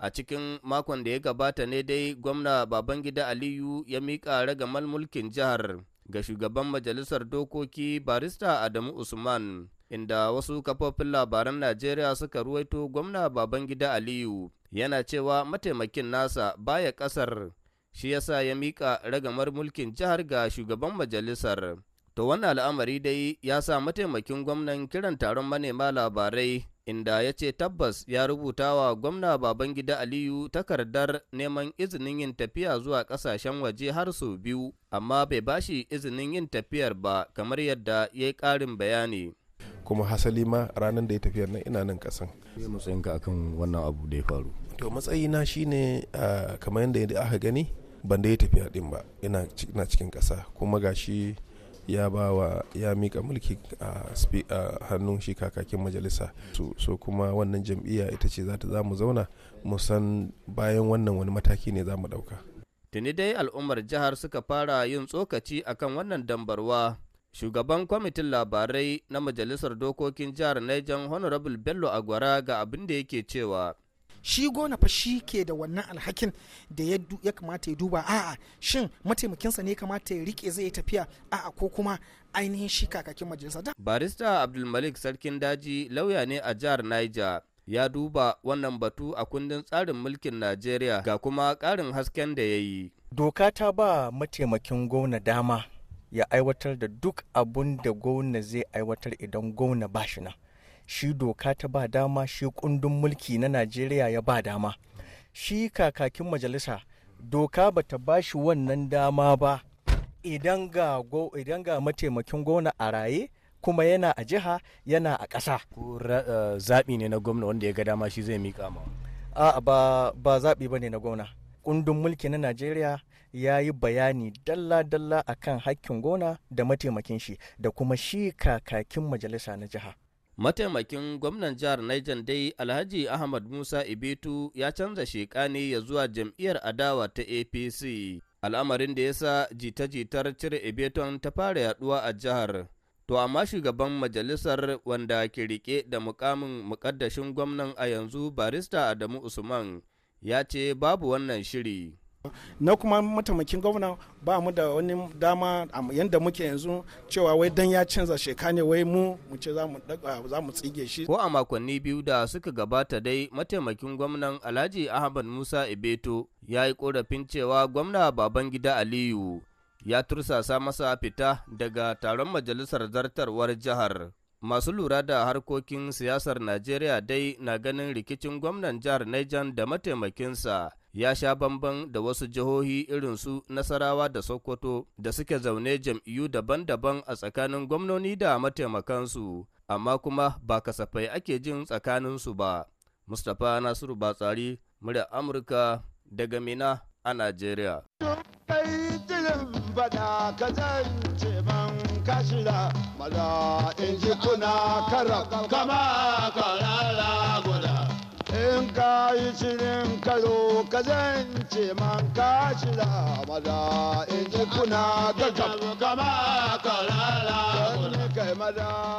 A cikin makon da ya gabata ne dai gwamna Babangida Aliyu ya miƙa ragamal mulkin jihar ga shugaban majalisar dokoki barista Adamu Usman, inda wasu kafofin labaran Najeriya suka ruwaito gwamna Babangida Aliyu yana cewa mataimakin nasa baya ƙasar, shi yasa ya miƙa ragamar mulkin jihar ga shugaban majalisar. To wannan al'amari dai ya sa mataimakin gwamnan kiran taron manema labarai inda ya ce tabbas ya rubuta wa gwamna Babangida Aliyu takardar neman izinin yin tafiya zuwa kasashen waje har sau biyu, amma bai bashi izinin yin tafiyar ba kamar yadda ya yi ƙarin bayani. kuma hasali ma ranar da ya tafiya nan ina nan kasan. matsayinka akan wannan abu da ya faru? To matsayina shine kamar yadda aka gani ban da ya tafiya din ba ina cikin ƙasa kuma gashi ya ba wa ya mika mulki a hannun shi kakakin majalisa so kuma wannan jam'iyya ita ce za ta za mu zauna mu san bayan wannan wani mataki ne za mu ɗauka. tuni dai al'ummar jihar suka fara yin tsokaci akan wannan dambarwa shugaban kwamitin labarai na majalisar dokokin jihar Niger honorable bello agwara ga abin da yake cewa shi gona fa shi ke da wannan alhakin da ya kamata ya duba a'a shin mataimakinsa ne kamata ya rike zai tafiya a'a ko kuma ainihin shi kakakin majalisa barista abdulmalik sarkin daji lauya ne a jihar niger ya duba wannan batu a kundin tsarin mulkin najeriya ga kuma karin hasken da ya yi doka ta ba mataimakin gona dama ya aiwatar da duk abun da gona zai aiwatar idan gona ba shi nan shi doka ta ba dama shi kundin mulki na najeriya ya ba dama shi kakakin majalisa doka ba ta ba shi wannan dama ba idan ga mataimakin gona a raye kuma yana a jiha yana a ƙasa. Eh, zaɓi ne na gwamna wanda ya ga dama shi zai miƙa ma. A'a ba zaɓi ba ne na gwamna. Kundin mulki na Najeriya ya yi bayani dalla-dalla a kan hakkin gona da mataimakin shi da kuma shi kakakin majalisa na jiha. Mataimakin gwamnan jihar Niger dai Alhaji Ahmad Musa Ibitu ya canza ne ya zuwa jam'iyyar adawa ta APC, al'amarin da ya sa jita-jitar cire Ibeton ta fara yaduwa a jihar. To amma shugaban majalisar wanda ke rike da mukamin mukaddashin gwamnan a yanzu barista Adamu Usman ya ce babu wannan shiri. na kuma mataimakin gwamna ba mu da wani dama yadda muke yanzu cewa wai dan ya canza sheka ne wai mu mu ce za mu tsige shi ko a makonni biyu da suka gabata dai mataimakin gwamnan alhaji ahmad musa ibeto ya yi korafin cewa gwamna babangida aliyu ya tursasa masa fita daga taron majalisar zartarwar jihar Masu lura da harkokin siyasar Najeriya dai na ganin rikicin gwamnan jihar Niger da mataimakinsa ya sha bamban da wasu jihohi irin su Nasarawa da Sokoto da suke zaune jam'iyyu daban-daban a tsakanin gwamnoni da mataimakansu, amma kuma ba kasafai ake jin tsakaninsu ba. Mustapha Nasiru Batsari, murya Amurka daga Mina a nigeria. kashira ka yi shirin karo ka zance man ka shira mada in ji kuna ga gaba kama kai maza.